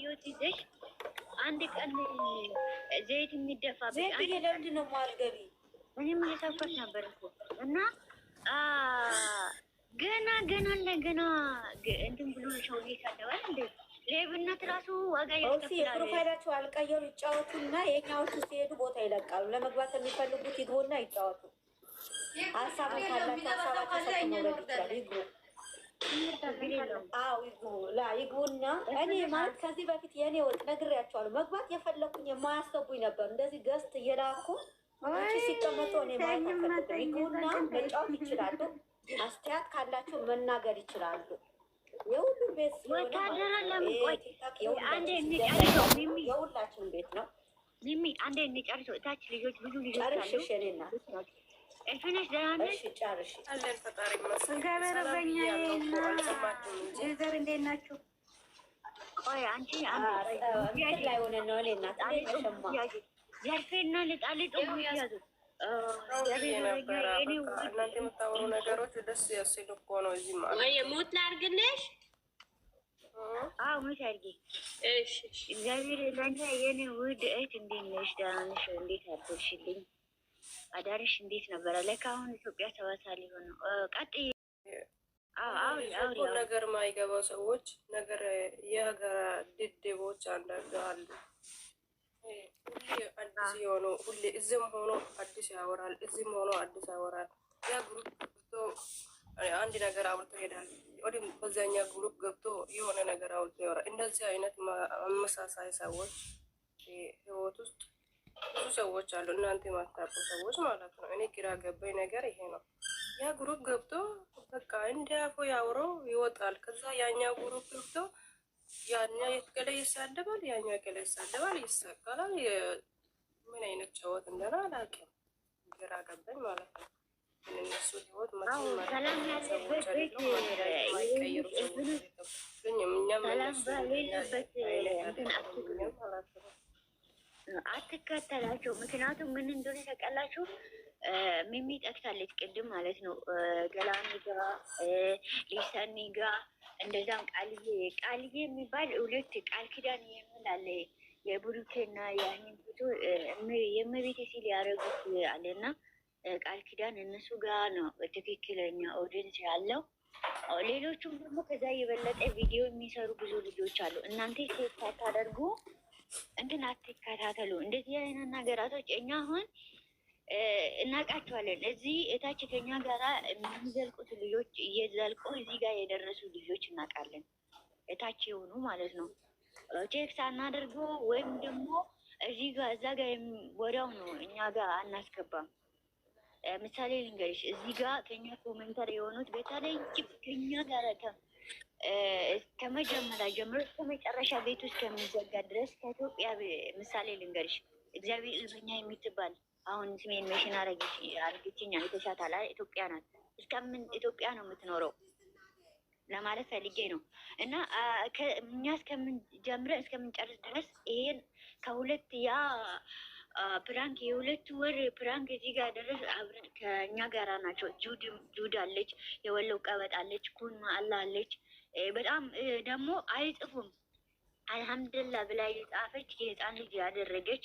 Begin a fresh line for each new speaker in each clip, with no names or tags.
ህይወት ይዘሽ አንድ ቀን ዘይት የሚደፋ
ዘይት ለምንድን ነው የማልገቢ?
እኔም እየሰብኳት ነበር እኮ እና ገና ገና ለገና እንትን ብሎ ሰውዬ ይሳደባል እንዴ! ሌብነት ራሱ ዋጋ
ያስከፍላል። ፕሮፋይላቸው አልቀየሩ ይጫወቱና የእኛዎቹ ሲሄዱ ቦታ ይለቃሉ። ለመግባት የሚፈልጉት ይግቡና ይጫወቱ። ሀሳብ ካላቸው ሀሳባቸው ሰጥቶ ይግቡ ይግቡና እኔ ማለት ከዚህ በፊት የእኔ ወጥ ነግሬያቸዋለሁ። መግባት የፈለኩኝ የማያስገቡኝ ነበር። እንደዚህ ገዝት እየላኩ ሲቀመጡ እኔ ማለት ይግቡና መጫወት ይችላሉ። አስተያየት ካላቸው መናገር ይችላሉ። የሁሉም ቤት
የሁላችን ቤት ነው። አንዴ እንጨርሰው። እታች ልጆች
ብዙ ልጆች ሞት ላድርግልሽ? አዎ ሞት አድርጊ። እግዚአብሔር ለአንቺ የኔ ውድ እህት፣ እንዴት ነሽ? ደህና ነሽ? እንዴት አደርሽልኝ? አዳሪሽ እንዴት ነበረ? ለካ አሁን ኢትዮጵያ ተባታ ሊሆን ነው። ቀጥይ።
ነገር ማይገባው ሰዎች ነገር የሀገር ድድቦች አንዳንዱ አሉ። አዲስ የሆነ ሁሌ እዚህም ሆኖ አዲስ ያወራል፣ እዚህም ሆኖ አዲስ ያወራል። ያ ግሩፕ ገብቶ አንድ ነገር አውልቶ ይሄዳል። ወዲም በዛኛ ግሩፕ ገብቶ የሆነ ነገር አውልቶ ይወራል። እንደዚህ አይነት አመሳሳይ ሰዎች ህይወት ውስጥ ብዙ ሰዎች አሉ፣ እናንተ የማታውቁ ሰዎች ማለት ነው። እኔ ግራ ገባኝ ነገር ይሄ ነው። ያ ግሩፕ ገብቶ በቃ እንዲያፎ ያውሮ ይወጣል። ከዛ ያኛው ግሩፕ ገብቶ ያኛ የትገለ ይሳደባል፣ ያኛ የገለ ይሳደባል፣ ይሳቀላል። ምን አይነት ጨዋታ እንደሆነ አላውቅም። ግራ ገባኝ ማለት ነው።
ሰላም ያለበት ቤት እኛም
ሰላም በሌለበት አትከተላቸው። ምክንያቱም ምን እንደሆነ ተቀላቸው ሚሚ ጠቅሳለች ቅድም ማለት ነው። ገላኒ ጋ ሊሰኒ ጋ እንደዛም ቃልዬ ቃልዬ የሚባል ሁለት ቃል ኪዳን የሚል አለ። የቡሩኬና የአይን የምቤት ሲል ያደረጉት አለ አለና ቃል ኪዳን እነሱ ጋ ነው ትክክለኛ ኦዲንስ ያለው። ሌሎቹም ደግሞ ከዛ የበለጠ ቪዲዮ የሚሰሩ ብዙ ልጆች አሉ። እናንተ ሴት ሳታደርጉ እንትን አትከታተሉ። እንደዚህ አይነት ነገራቶች እኛ አሁን እናቃቸዋለን። እዚህ እታች ከኛ ጋራ የሚዘልቁት ልጆች እየዘልቁ እዚህ ጋር የደረሱ ልጆች እናውቃለን። እታች የሆኑ ማለት ነው። ቼክ ሳናደርገው ወይም ደግሞ እዚህ ጋር እዛ ጋር ወዲያው ነው እኛ ጋር አናስገባም። ምሳሌ ልንገርሽ፣ እዚህ ጋር ከኛ ኮሜንተር የሆኑት በተለይ ከኛ ጋር ከመጀመሪያ ጀምሮ እስከ መጨረሻ ቤቱ እስከሚዘጋ ድረስ ከኢትዮጵያ ምሳሌ ልንገርሽ። እግዚአብሔር እልፍኛ የምትባል አሁን ስሜን መሽን አርግችኛ የተሻታ ኢትዮጵያ ናት። እስከምን ኢትዮጵያ ነው የምትኖረው ለማለት ፈልጌ ነው። እና እኛ እስከምን ጀምረን እስከምንጨርስ ድረስ ይሄን ከሁለት ያ ፕራንክ የሁለት ወር ፕራንክ እዚህ ጋር ደረስ አብረን ከእኛ ጋራ ናቸው። ጁድ አለች፣ የወለው ቀበጥ አለች፣ ኩን አላ አለች በጣም ደግሞ አይጽፉም። አልሐምድላ ብላ የጻፈች የህፃን ልጅ ያደረገች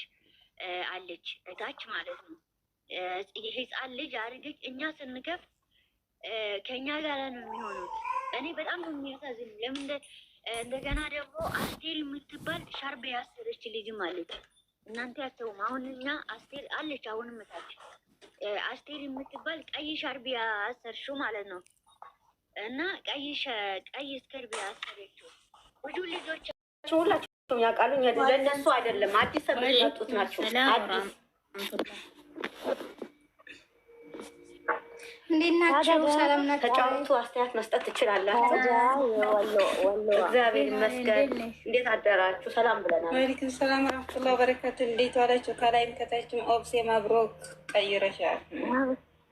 አለች እታች ማለት ነው። የህፃን ልጅ አድርገች እኛ ስንከፍ ከእኛ ጋር ነው የሚሆኑት። እኔ በጣም ነው የሚያሳዝን። ለምን እንደገና ደግሞ አስቴል የምትባል ሻርብ ያሰረች ልጅም አለች። እናንተ ያተውም አሁን እኛ አስቴል አለች አሁንም እታች አስቴል የምትባል ቀይ ሻርብ ያሰርሹ ማለት ነው እና ቀይ ቀይ እስከርቢ አሰረችው። ብዙ ልጆች
ሁላችሁም ያውቃሉ። ለእነሱ አይደለም አዲስ የሚመጡት ናቸው።
እንዴት ናቸው? ሰላም ናቸው?
ተጫውቱ፣ አስተያየት መስጠት ትችላላችሁ። እግዚአብሔር ይመስገን። እንዴት አደራችሁ? ሰላም ብለናል።
ወአለይኩም ሰላም ወራህመቱላሂ ወበረካቱ። እንዴት ዋላችሁ? ከላይም ከታችም ኦብሴ ማብሮክ ቀይረሻል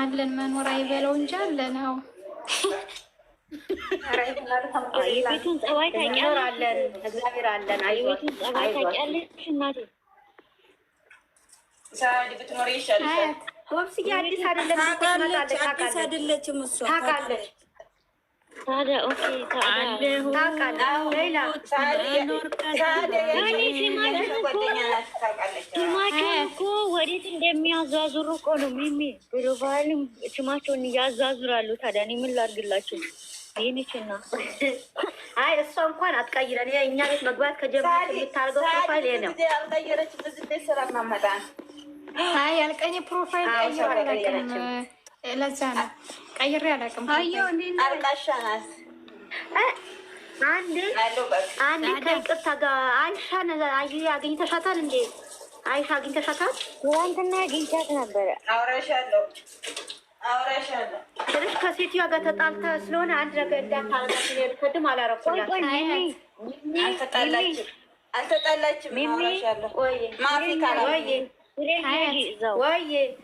አለን መኖር አይበለው እንጂ አለን። አዎ የቤቱን ጸባይ ታውቂያለሽ?
እግዚአብሔር አለን።
የቤቱን ብትኖር አዲስ አይደለችም እሷ ታውቃለች። ስማቸውን እኮ ወዴት እንደሚያዟዙሩ እኮ ነው ሚሚ ብሎባልም ስማቸውን እያዟዙራሉ። ታዲያ እኔ ምን ላድርግላቸው? ይህንችና
አይ እሷ እንኳን አትቀይረን። እኛ ቤት መግባት ከጀመረች የምታደርገው ፕሮፋይል ነው።
አይ ያልቀኝ ፕሮፋይል ቀይረለችም ለዛ ነው ቀይሬ አላውቅም።
አልቃሻ ናት።
አንድ አንድ ከይቅርታ ጋር አይሻ አግኝተሻታል እንዴ? አይሻ አግኝተሻታል?
ትናንትና አግኝቻት ነበረ።
አውራሻለሁ
ከሴትዮዋ ጋር ተጣልታ ስለሆነ አንድ ነገር
አልተጣላችም።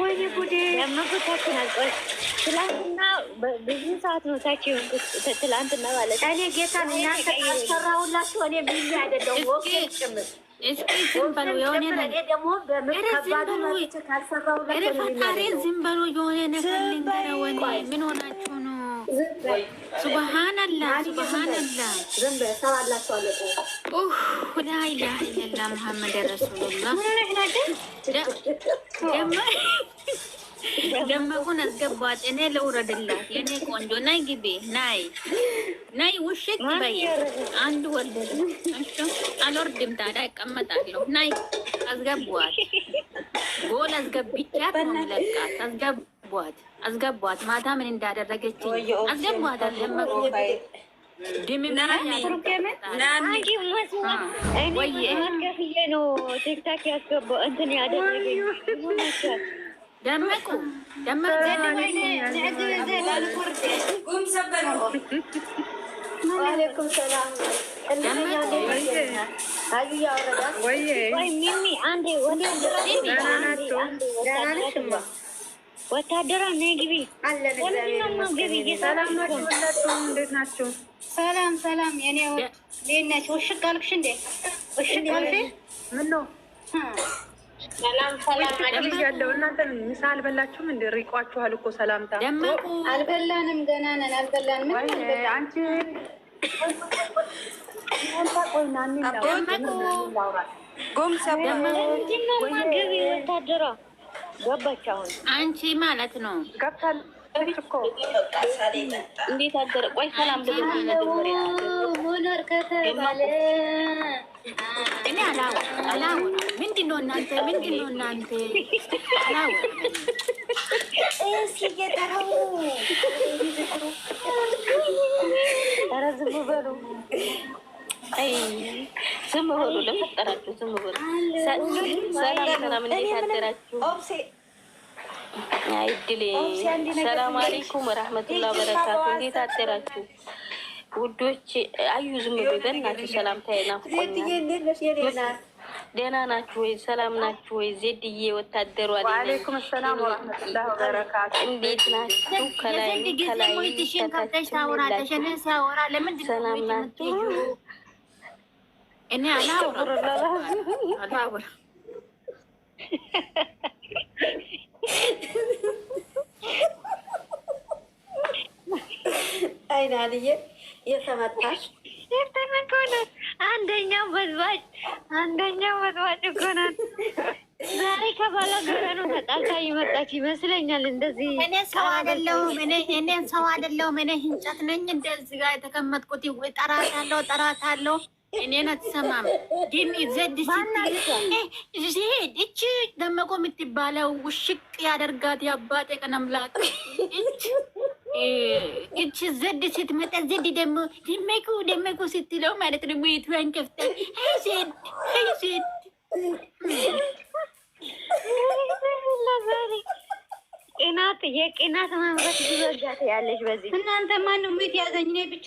ወይኔ ጉዴ
ትላንትና ብዙ ሰዓት ነው ታች ትላንትና ማለት
እኔ ጌታ እናንተ አሰራሁላችሁ። እኔ ብዙ አይደለሁም
ወቅ ጭምር ዝም በሉ የሆነ
ነገር ልንገረው። ምን ሆናችሁ ነው? ሱብሃነላህ ሱብሃነላህ ላኢላሀ ኢለላህ ደመቁን አስገባት። እኔ ልውረድላት። የኔ ቆንጆ ናይ ግቢ ናይ ናይ ውሽቅ በይ አንድ ወልደ አልወርድም። ታዲያ ይቀመጣለሁ። ናይ አስገቧት። ጎል አስገብቻት ነው አስገቧት አስገቧት። ማታ ምን እንዳደረገች አስገቧት። አለመቁ ደመቁ ደመቁ ሚሚ አንዴ ወደ ወታደራ ነይ ግቢ ሰላም ሰላም፣ የኔ እንዴት ነሽ? ውሽቅ አልክሽ እንዴ? ውሽቅ አልሽ?
ምነው ያለው እናንተ ምሳ አልበላችሁም? እንደ ሪቋችኋል እኮ ሰላምታ።
አልበላንም፣ ገና ነን፣ አልበላንም።
አንቺ
ጎምሳ ወታደራ ገባች። አሁን አንቺ ማለት ነው
ገብታል እንዴት አደረ? ቆይ ሰላም እኔ
ምንድን ነው እናንተ? ምንድን ነው እናንተ?
ዝም በሉ፣ ለፈጠራችሁ ዝም በሉ። ሰላም ሰላም፣ እንዴት አደራችሁ? አይድሌ ሰላም አለይኩም ወራህመቱላ በረካቱ። እንዴት አደራችሁ ውዶች? አዩ ዝም በይ በእናትሽ፣ ሰላምታዬ
ናፍቆኛል።
ደህና ናችሁ ወይ? ሰላም ናችሁ ወይ? ዜድዬ ወታደሩ
አለይኩም ሰላም ወራህመቱላ በረካቱ።
እንዴት ናችሁ?
ከላይ ከላይ ሰላም ናችሁ? እኔ
አላወራም። አይናልዬ የተመታሽ
የተመታሽ አንደኛው በዝባጭ አንደኛው በዝባጭ እኮ ናት። ዛሬ ከባለ ገበኑ ተጣልታ ይመጣች ይመስለኛል። እንደዚህ እኔ ሰው አይደለሁም፣ እኔ ሰው አይደለሁም። እኔ እንጨት ነኝ። እንደዚህ ጋር የተቀመጥኩት ጠራት አለው፣ ጠራት አለው እኔን አትሰማም። ግን ዘድ ሲሄድ ደመቆ የምትባለው ውሽቅ ያደርጋት የአባቴ ዘድ ስትመጣ ዘድ ደግሞ ደመቁ ደመቁ ስትለው ማለት ደግሞ ዘድ ዘድ ቅናት የቅናት መንፈስ ያለች በዚህ እናንተ ያዘኝ ብቻ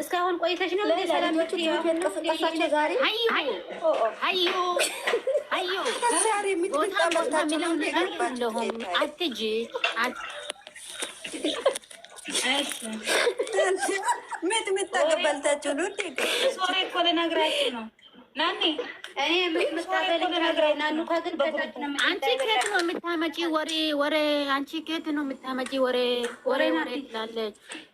እስካሁን ቆይተሽ ነው እንዴ? ሰላም ነው። ዛሬ። አዩ አዩ አዩ ነው አንቺ ከየት ነው የምታመጪ ወሬ? ወሬ ወሬ ትላለች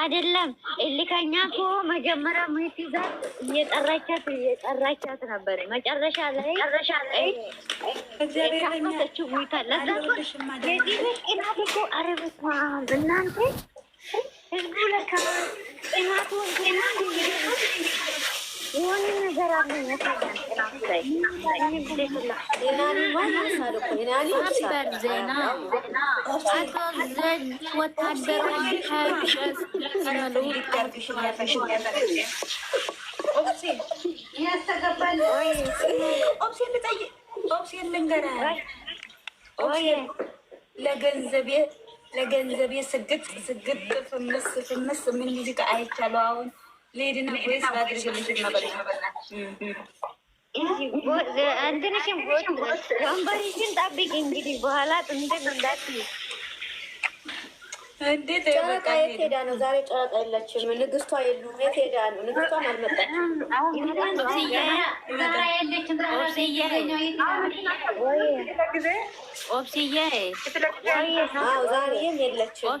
አይደለም እልከኛ እኮ መጀመሪያ ምት ይዛት እየጠራቻት እየጠራቻት ነበር። መጨረሻ ላይ መጨረሻ ላይ ቅናት እኮ አረብታ እናንተ ህዝቡ ለካ ቅናቱ ቅናት የሆነ
ነገር አለ። ለገንዘቤ ስግጥ ስግጥ ፍምስ ፍምስ ምን ሙዚቃ አይቻለው አሁን
እንትንሽን ቦት ወንበርሽን ጠብቂ። እንግዲህ በኋላ እንትን እንዳት
እንዴት ጨረቃ የት ሄዳ ነው? ዛሬ ጨረቃ የለችም። ንግስቷ የሉም። የት ሄዳ ነው? ንግስቷም አልመጣችም። ኦብስዬ ዛሬም የለችም።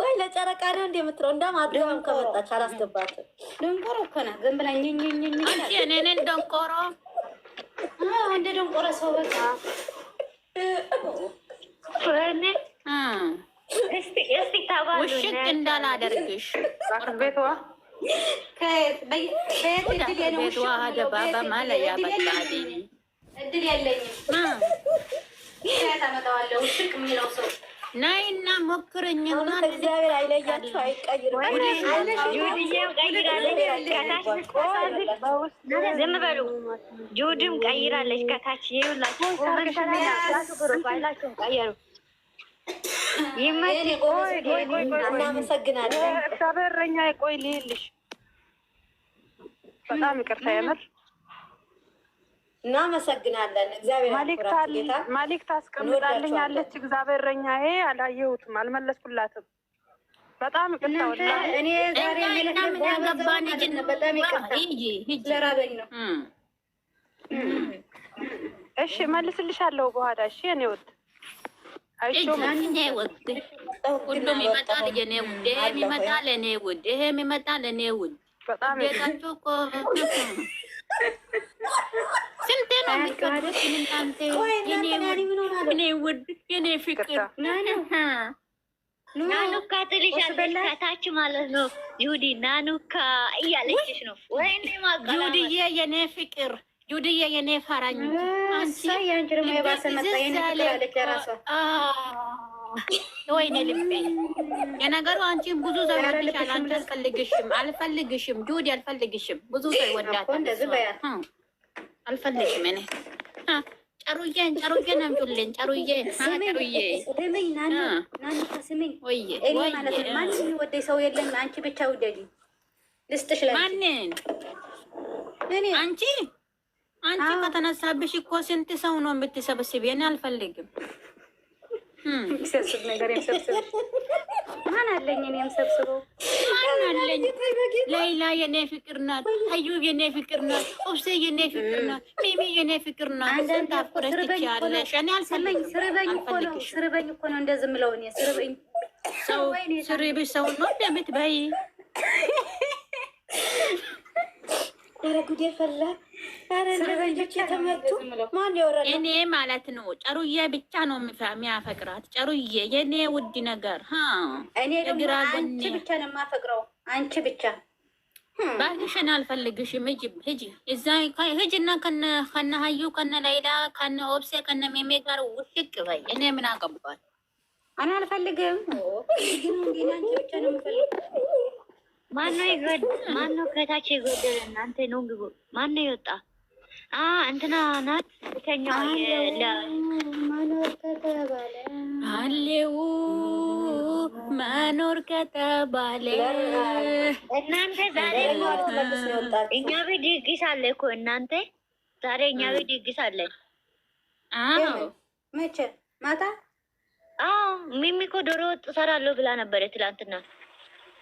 ቆይ ለጨረቃ ነው እንደ የምትለው እንዳውም ከመጣች አላስገባትም።
ደንቆሮ እኮ ናት። ዝም ብላ እኔን ደንቆሮ እንደ ደንቆሮ ሰው በቃ ውሽቅ እንዳላደርግሽ እድል የለኝም። ናይና ሞክረኝ እና
እግዚአብሔር አይለያችሁ፣ አይቀይርም።
ዝም በሉ። ጁድም ቀይራለች ከታች ይኸውላችሁ፣ እናመሰግናለን።
እግዚአብሔር እኛ ይቆይ ልይልሽ። በጣም ይቅርታ የምር
እናመሰግናለን። እግዚአብሔር
ማሊክት አለች። እግዚአብሔር ረኛዬ አላየሁትም፣ አልመለስኩላትም። በጣም ይቅርታ
እኔ ዛሬ ገባን። በጣም ይቅርታ
ለራበኝ ነው።
እሺ መልስልሻለሁ በኋላ። እሺ እኔ ወጥ
ሁሉም ይመጣል። የኔ ውድ ይሄም ይመጣል። እኔ ውድ ይሄም ይመጣል። እኔ ውድ በጣም ስንቴ ነው እኔ ውድ የኔ ፍቅር ናኑካ ትልሻለሽ ከታች ማለት ነው። ጁዲ ናኑካ እያለችሽ ነው። ጁዲዬ የኔ ፍቅር፣ ጁዲዬ የኔ ፈራኝ ወይኔ ልቤ የነገሩ አንቺን ብዙ አንቺ አልፈልግሽም፣ አልፈልግሽም አልፈልግሽም። ብዙ ሰው
ይወዳታል።
አልፈልግም እኔ ጨሩዬን ጨሩዬን ጨሩዬ ጨሩዬ
ስሚኝ፣ ናኒ ናኒ ስሚኝ፣ እኔ ማለት ነው ማንም የሚወደኝ ሰው የለም። አንቺ ብቻ ውደጂ፣ ልስጥሽ።
ማንን? እኔ አንቺ አንቺ ከተነሳብሽ እኮ ስንት ሰው ነው የምትሰበስብ? እኔ አልፈልግም ሲያስብ ነገር ማን አለኝ? ማን አለኝ? የኔ ፍቅር ናት። አዩ የኔ ፍቅር ናት። ኦብሴ የኔ ፍቅር ናት። ሚሚ የኔ ፍቅር ናት። እኔ ስርበኝ እኮ ነው፣ ስርበኝ እኮ ነው እንደዚህ የምለው እኔ ስርበኝ። ሰው ስርብሽ ሰው ነው እንደምትበይ ኧረ ጉዴ እኔ ማለት ነው ጨሩዬ ብቻ ነው የሚያፈቅራት። ጨሩዬ የኔ ውድ ነገር እኔ
አንቺ ብቻ ነው የማፈቅረው። አንቺ ብቻ
ባልሽን አልፈልግሽም። ሂጂ እዛ ሂጂና ከነ ሀዩ ከነ ላይላ ከነ ኦብሴ ከነ ሜሜ ጋር ውሽቅ በይ። እኔ ምን አገባል? እኔ አልፈልግም። ግን አንቺ ብቻ ነው የምፈልግ ማነው ከታች የጎደለ? እናንተ ነው ግቡ። ማነው የወጣ? እንትና ናት ብተኛው አለው ማኖር ከተባለ እናንተ ዛሬ እኛ ቤት ድግስ አለ እኮ እናንተ ዛሬ እኛ ቤት ድግስ አለ።
መቼ ማታ?
አዎ ሚሚኮ ዶሮ ወጥ እሰራለሁ ብላ ነበረ ትላንትና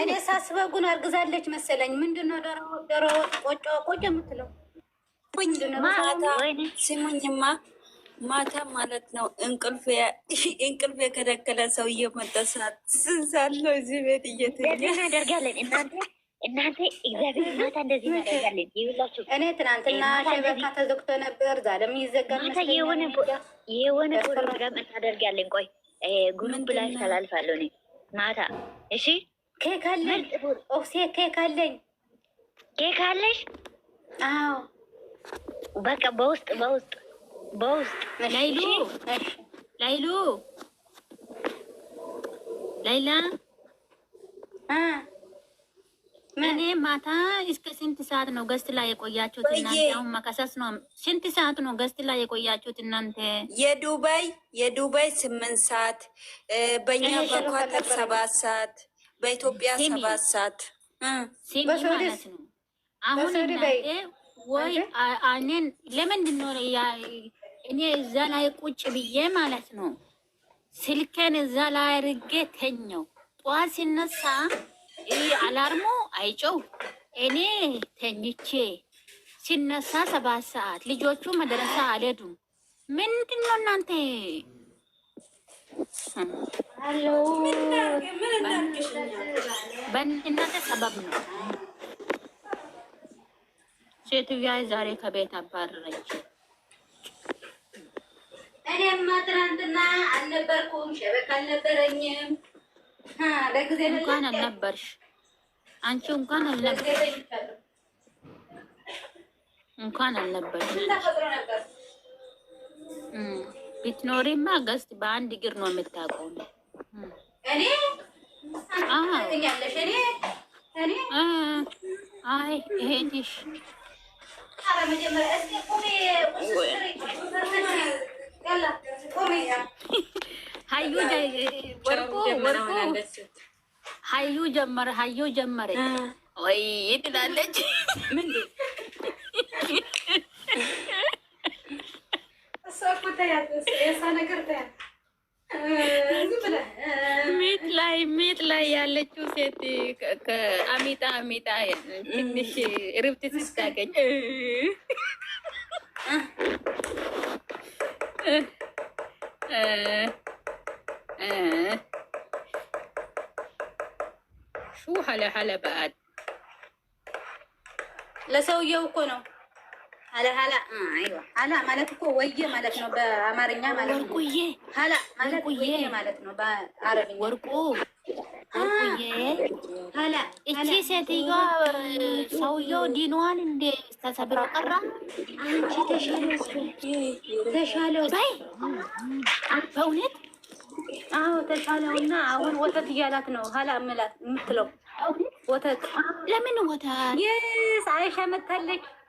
እኔ ሳስበጉን አርግዛለች መሰለኝ። ምንድን ነው ዶሮ ዶሮ ቆጮ ቆጮ የምትለው ስሙኝማ፣ ማታ ማለት ነው እንቅልፍ እንቅልፍ የከለከለ ሰው እየመጣ ሰዓት ስንት ሰዓት ነው? እዚህ ቤት እየተኛ
እናደርጋለን እናንተ እግዚአብሔር ማታ እንደዚህ እናደርጋለን። ይኸውላችሁ
እኔ ትናንትና ሸበካ ተዘግቶ ነበር፣ ይዘጋል። ማታ
የሆነ የሆነ ፕሮግራም እናደርጋለን። ቆይ ጉምን እኔ ማታ እሺ
ኬክ አለኝ። ኦክሴ ኬክ አለኝ።
ኬክ አለሽ? አዎ። በቃ በውስጥ በውስጥ በውስጥ ላይሉ ላይሉ ላይላ እኔ ማታ እስከ ስንት ሰዓት ነው ገስት ላይ የቆያችሁት እናንተ? አሁን መከሰስ ነው። ስንት ሰዓት ነው ገስት ላይ የቆያችሁት እናንተ?
የዱባይ የዱባይ ስምንት ሰዓት በእኛ በኳተር ሰባት ሰዓት በኢትዮጵያ ሰባት ሰዓት
ሲሚ ማለት ነው። አሁን ወይ እኔን ለምንድን ነው እኔ እዛ ላይ ቁጭ ብዬ ማለት ነው ስልኬን እዛ ላይ አድርጌ ተኛው። ጠዋት ሲነሳ አላርሞ አይጨው እኔ ተኝቼ ሲነሳ ሰባት ሰዓት ልጆቹ መደረሳ አልሄዱም። ምንድን ነው እናንተ በእናንተ ሰበብ ነው ሴትዮዋ ዛሬ ከቤት አባረረች።
እኔማ ትናንትና አልነበርኩም፣ ሸበካ አልነበረኝም። በጊዜ
እንኳን አልነበርሽ አንቺ እንኳን አልነበርሽ እንኳን አልነበርሽ። ብትኖሪማ ገዝት በአንድ እግር ነው የምታውቀው።
አይ እሄድሽ
ሀዩ ወርቆ ወርቆ ሀዩ ጀመረ ሀዩ ጀመረች ወይ ትላለች። ምንድን ላይ ሚጥ ላይ ያለችው ሴት አሚጣ አሚጣ ትንሽ ርብት ስታገኝ ሹ ሀለ ሀለ በአል ለሰውየው እኮ ነው። ሀላ ሀላ ሀላ ማለት እኮ ወየ ማለት ነው፣ በአማርኛ ማለት ነው። ወርቁዬ ሀላ ማለት ወየ ማለት ነው በአረብኛ ወርቁ እቺ ሴትዮዋ ሰውየው ዲኗን እንደ ተሰብሮ ቀራ።
አንቺ ተሻለው በይ
በእውነት አዎ ተሻለውና አሁን ወተት እያላት ነው ሀላ ምላት የምትለው ወተት። ለምን ወተት? የስ አይሻ መታለች